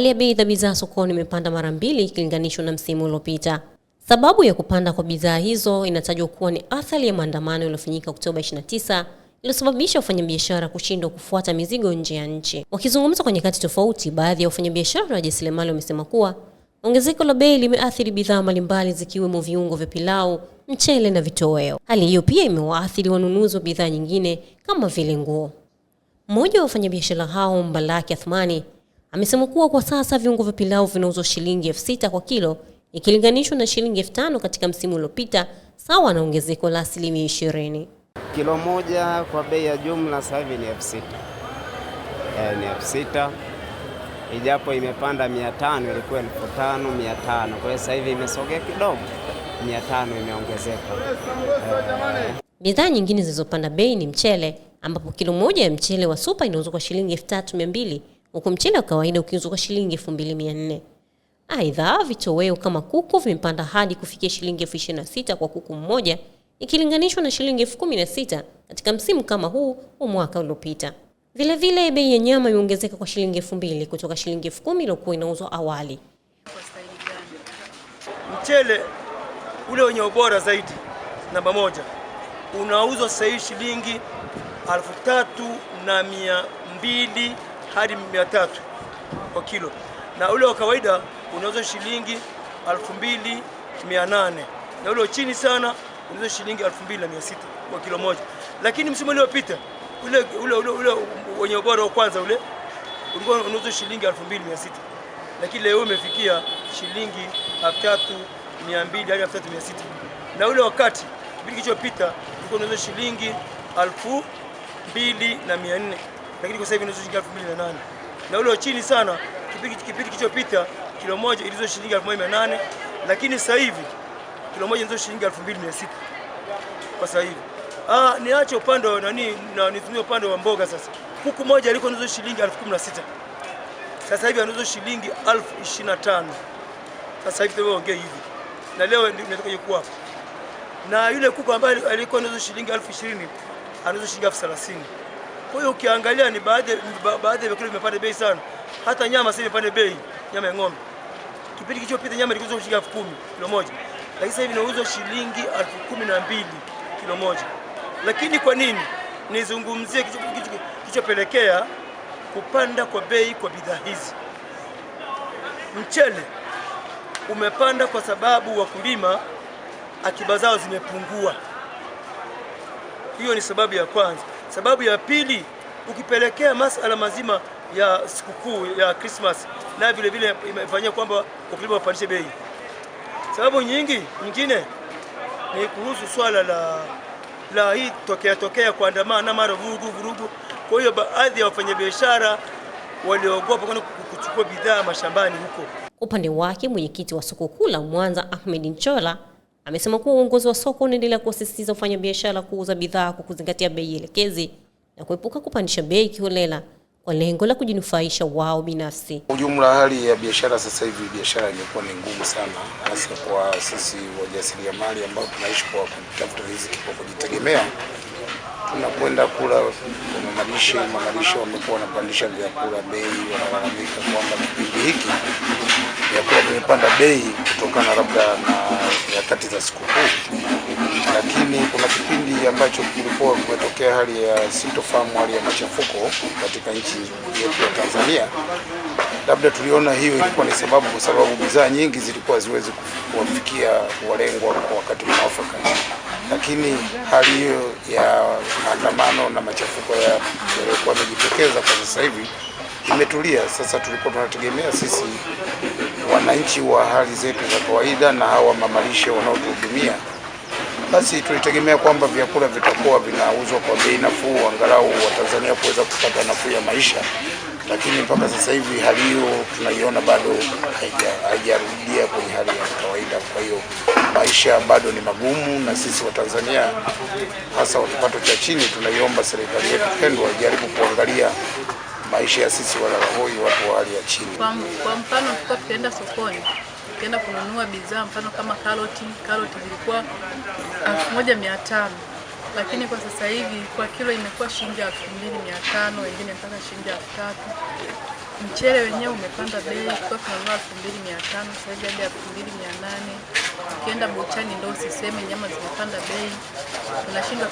hali ya bei za bidhaa sokoni imepanda mara mbili ikilinganishwa na msimu uliopita. Sababu ya kupanda kwa bidhaa hizo inatajwa kuwa ni athari ya maandamano yaliyofanyika Oktoba 29 iliosababisha wafanyabiashara kushindwa kufuata mizigo nje ya nchi. Wakizungumza kwa nyakati tofauti, baadhi ya wafanyabiashara na wajasiriamali wamesema kuwa ongezeko la bei limeathiri bidhaa mbalimbali zikiwemo viungo vya pilau, mchele na vitoweo. Hali hiyo pia imewaathiri wanunuzi wa bidhaa nyingine kama vile nguo. Mmoja wa wafanyabiashara hao Mbalaki Athmani Amesema kuwa kwa sasa viungo vya pilau vinauzwa shilingi elfu sita kwa kilo ikilinganishwa na shilingi elfu tano katika msimu uliopita, sawa na ongezeko la asilimia ishirini. Kilo moja kwa bei ya jumla sasa hivi ni elfu sita e, ni elfu sita ijapo imepanda mia tano ilikuwa elfu tano mia tano kwa hiyo sasa hivi imesogea kidogo, mia tano imeongezeka. E, Bidhaa nyingine zilizopanda bei ni mchele ambapo kilo moja ya mchele wa supa inauzwa kwa shilingi elfu tatu mia mbili huku mchele wa kawaida ukiuzwa kwa shilingi 24 mbili Aidha, vitoweo kama kuku vimepanda hadi kufikia shilingi 26 kwa kuku mmoja ikilinganishwa na shilingi elfu katika msimu kama huu wa mwaka uliopita. Vilevile, bei ya nyama imeongezeka kwa shilingi 2 kutoka shilingi elfu kumi iliyokuwa inauzwa awali. Mchele ule wenye ubora zaidi namba moja unauzwa sasa hivi shilingi elfu na hadi 300 kwa kilo, na ule wa kawaida unauza shilingi 2800 na ule chini sana unauza shilingi 2600 kwa kilo moja. Lakini msimu uliopita ule ule ule, ule wenye ubora wa kwanza ule ulikuwa unauza shilingi 2600 lakini leo umefikia shilingi 3200 hadi 3600 na ule wakati kipindi kilichopita ulikuwa unauza shilingi 2400 lakini kwa sasa hivi inauzwa shilingi 2800 na ule wa chini sana kipindi kilichopita kilo moja ilizo shilingi 1800 lakini sasa hivi kilo moja inauzwa shilingi 2600 kwa sasa hivi. Ah, niache upande wa nani na nitumie upande wa mboga sasa. Kuku moja alikuwa inauzwa shilingi 1016. Sasa hivi anauzwa shilingi 1025. Sasa hivi tumeongea hivi. Na leo nimetoka yuko hapa. Na yule kuku ambaye alikuwa anauzwa shilingi 1020 anauzwa shilingi 1030. Kwa hiyo ukiangalia ni baadhi baadhi ya vyakula vimepanda bei sana. Hata nyama sasa imepanda bei, nyama ya ng'ombe. Kipindi kilichopita nyama ilikuwa shilingi elfu kumi kilo moja, lakini sasa hivi inauzwa shilingi elfu kumi na mbili kilo moja. Lakini kwa nini? Nizungumzie kilichopelekea kupanda kwa bei kwa bidhaa hizi. Mchele umepanda kwa sababu wakulima akiba zao zimepungua. Hiyo ni sababu ya kwanza. Sababu ya pili, ukipelekea masala mazima ya sikukuu ya Christmas na vile vile imefanyia kwamba wakulima wapandishe bei. Sababu nyingi nyingine ni kuhusu swala la la hii tokea tokea kuandamana mara vurugu vurugu. Kwa hiyo baadhi ya wafanyabiashara waliogopa kwenda kuchukua bidhaa mashambani huko. Upande wake mwenyekiti wa soko kuu la Mwanza Ahmed Nchola Amesema kuwa uongozi wa soko unaendelea kuwasisitiza biashara kuuza bidhaa kwa kuzingatia bei elekezi na kuepuka kupandisha bei kiholela kwa lengo la kujinufaisha wao binafsi. ujumla, hali ya biashara sasa hivi, biashara imekuwa ni ngumu sana, hasa kwa sisi wajasiriamali ambao tunaishi kwa kutafuta riziki kwa kujitegemea tunakwenda kula mamalishe. Mamalishe wamekuwa wanapandisha vyakula bei, wanalalamika kwamba kipindi hiki vyakula vimepanda bei kutokana labda na nyakati za sikukuu, lakini kuna kipindi ambacho kulikuwa kumetokea hali ya sintofahamu, hali ya machafuko katika nchi yetu ya Tanzania. Labda tuliona hiyo ilikuwa ni sababu, kwa sababu bidhaa nyingi zilikuwa ziwezi kuwafikia walengwa kwa wakati mwafaka lakini hali hiyo ya maandamano na machafuko yaliyokuwa yamejitokeza kwa sasa hivi imetulia. Sasa tulikuwa tunategemea sisi wananchi wa hali zetu za kawaida na hawa mamalishe wanaotuhudumia, basi tulitegemea kwamba vyakula vitakuwa vinauzwa kwa bei nafuu, angalau Watanzania kuweza kupata nafuu ya maisha lakini mpaka sasa hivi hali hiyo tunaiona bado haijarudia kwenye hali ya kawaida. Kwa hiyo maisha bado ni magumu, na sisi Watanzania hasa wa kipato cha chini tunaiomba serikali yetu pendwa ijaribu kuangalia maisha ya sisi walalahoi, watu wa hali ya chini. Kwa mfano, tulikuwa tukienda sokoni tukienda kununua bidhaa, mfano kama karoti, karoti zilikuwa elfu moja mia tano lakini kwa sasa hivi kwa kilo imekuwa shilingi elfu mbili mia tano wengine mpaka shilingi elfu tatu. Mchele wenyewe umepanda bei kutoka tunanunua elfu mbili mia tano sasa hivi hadi elfu mbili mia nane ukienda buchani ndo usiseme, nyama zimepanda bei, tunashindwa